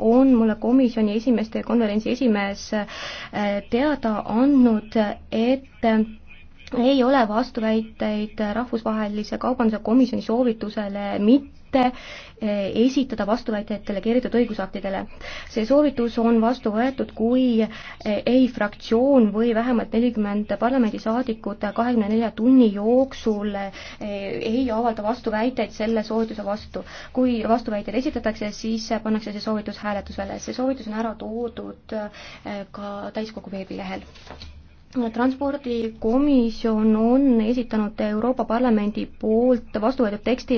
on mulle komisjoni esimeeste konverentsi esimees eh, teada andnud, et ei ole vastuväiteid Rahvusvahelise Kaubanduse Komisjoni soovitusele mitte eh, esitada vastuväiteid delegeeritud õigusaktidele. see soovitus on vastu võetud, kui eh, ei fraktsioon või vähemalt nelikümmend parlamendisaadikut kahekümne nelja tunni jooksul eh, ei avalda vastuväiteid selle soovituse vastu. kui vastuväiteid esitatakse, siis pannakse see soovitus hääletusele. see soovitus on ära toodud ka täiskogu veebilehel transpordikomisjon on esitanud Euroopa Parlamendi poolt vastu võetud tekstil